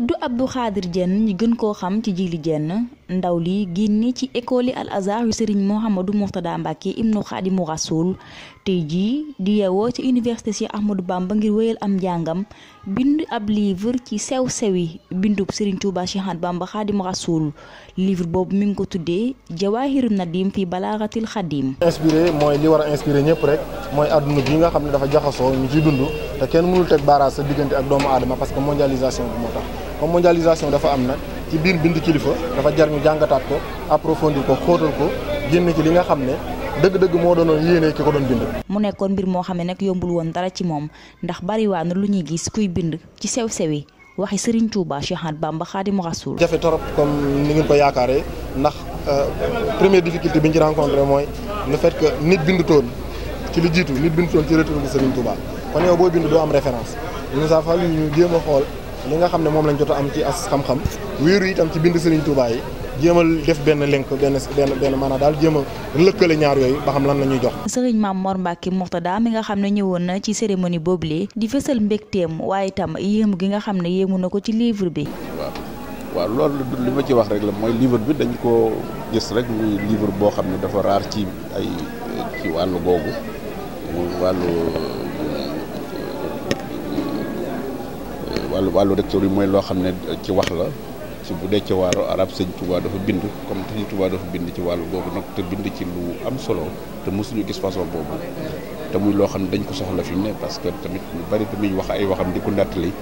du Abdou Khadir Diène ñu gën koo xam ci Djily Diène ndaw li génne ci école yi al azhar yu Serigne Mouhamadou Mourtada Mbacke ibnu Xaadimu Rasul tey jii di yeewoo ci université Cheikh baam ba ngir wéyal am njàngam bind ab livre ci sew sewi bindub Serigne Touba Cheikh Ahmadou Bamba Xaadimu Rasul livre boobu mi ngi ko tuddee na Jawaahiru Nadim fi Balaaxatil Xadim. inspiré mooy li war a inspiré ñëpp rek mooy adduna bi nga xam ne dafa jaxasoo ñu ciy dund te kenn mënul teg baaraas sa diggante ak doomu aadama parce que mondialisation bi dafa am nag. ci biir bind kilifa dafa jar ñu jàngataat ko approfondir ko xóotal ko génn ci li nga xam ne dëgg-dëgg moo doonoon yéene ki ko doon bind. mu nekkoon mbir moo xam ne nag yombul woon dara ci moom ndax bariwaanu lu ñuy gis kuy bind ci sew sew yi waxi Serigne Touba Cheikh Ahmadou Bamba Khadimu Rasoul. jafe torop comme ni ngeen ko yaakaaree ndax euh, première difficulté bi ñu ci rencontré mooy le fait que nit bindutoon ci li jiitu nit bindutoon ci retour bi Serigne Touba kon yow boo bind doo am référence nous a fallu a xool. li nga xam ne moom lañ jot a am ci as xam-xam wéeru itam ci bind Serigne Touba yi jéemal def benn lenk benn benn benn maanaam daal jéem a lëkkale ñaar yooyu ba xam lan la ñuy jox. Serigne Maam Mor Mbacke daa mi nga xam ne ñëwoon na ci cérémonie boobule di fësal mbégteem waaye itam yéemu gi nga xam ne yéemu na ko ci livre bi. waaw waaw loolu li ma ci wax rek la mooy livre bi dañ ko gis rek muy livre boo xam ne dafa raar ci ay ci wàllu googu wàllu. wàllu wàllu recteur yi mooy loo xam ne ci wax la ci bu dee ci wàllu arab sëñ Touba dafa bind comme sëñ Touba dafa bind ci wàllu boobu nag te bind ci lu am solo te mosuñu gis boobu te muy loo xam ne dañ ko soxla fi mu parce que tamit lu bari bi muy wax ay waxam di ko nattali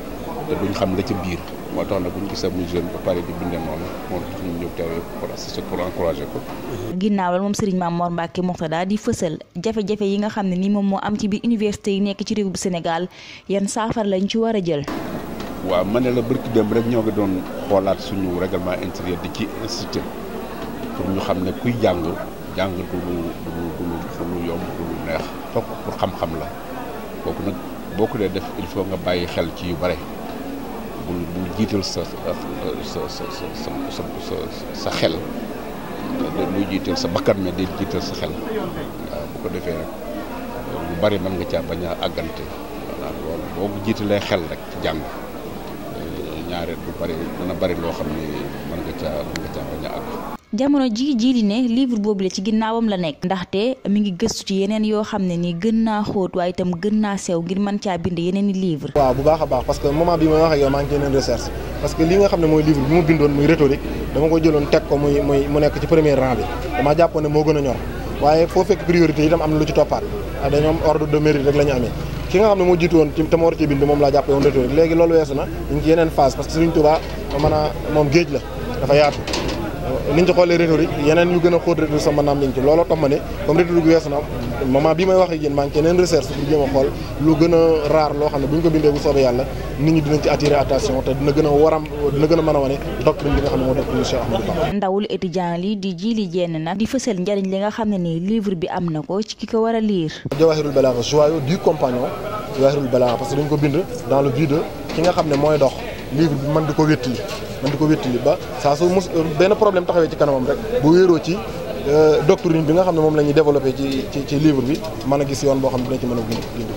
te duñ xam la ci biir moo tax nag bu ñu gisee muy jeune ba pare di bindee noonu moom tax ñu ñëw teewee pour encourager ko. ginnaaw la moom Serigne Mame Mor Mbacke Mourtada di fësal jafe-jafe yi nga xam ne nii moom moo am ci biir université yi nekk ci réew bu Sénégal yan saafara lañ ci war a jël. waaw ma ne la barki démb rek ñoo ngi doon xoolaat suñu règlement intérieur di ci incité pour ñu xam ne kuy jàng jàng du lu du lu du yomb du lu neex fokk pour xam-xam la kooku nag boo ko dee def il faut nga bàyyi xel ci yu bare bul bul jiital sa sa sa sa sa sa xel luy jiital sa bakkan mais day jiital sa xel waaw bu ko defee lu bari mën nga caa bañ àggante waaw loolu boo ko jiitalee xel rek ci jàng ñaareel bu bari dana bari loo a àgg. jamono ji jiili ne livre boobu la ci ginnaawam la nekk ndaxte mi ngi gëstu ci yeneen yoo xam ne nii gën naa xóot waaye itam gën naa sew ngir mën caa bind yeneen livre waaw bu baax a baax parce que moment bi may wax ak yow maa ngi yeneen recherche parce que li nga xam ne mooy livre bi mu bindoon muy rhétorique dama ko jëloon teg ko muy muy mu nekk ci premier rang bi dama jàppoon moo gën a ñor waaye foo fekk priorité itam am na lu ci toppaat ah, dañoo am ordre ki nga xam ne moo jiitu woon ci te moo war ci bind moom laa jàppee woon rhétorique léegi loolu weesu na ñu ngi yeneen phase parce que Serigne Touba a moom géej la dafa yaatu Euh, niñ xoolee rhétorique yeneen yu gën a xóot rhétorique sax mën naa am liñ ma ne comme rhétorique weesu na moment bii may loo xam ne bu ko bindee bu soobee yàlla nit ñi dinañ ci attirer attention te dina gën a waram dina gën a mën a wane doctrine bi nga xam ne moo doctrine Cheikh Ahmadou Bamba ndawul étudiant li di jiili jenn nag di li nga xam ne nii livre bi am na ko ki ko war a lire Jawahirul Balagha joyau du compagnon Jawahirul ko bind dans le but ki nga xam ne mooy dox livre bi mën di ko wéttali man di ko wéttali ba saa su mos benn problème taxawee ci kanamam rek bu wéeroo ci euh, doctrine bi nga xam ne moom la ñuy développé ci ci ci livre bi mën a gis yoon boo xam ne dina ci mën a gindi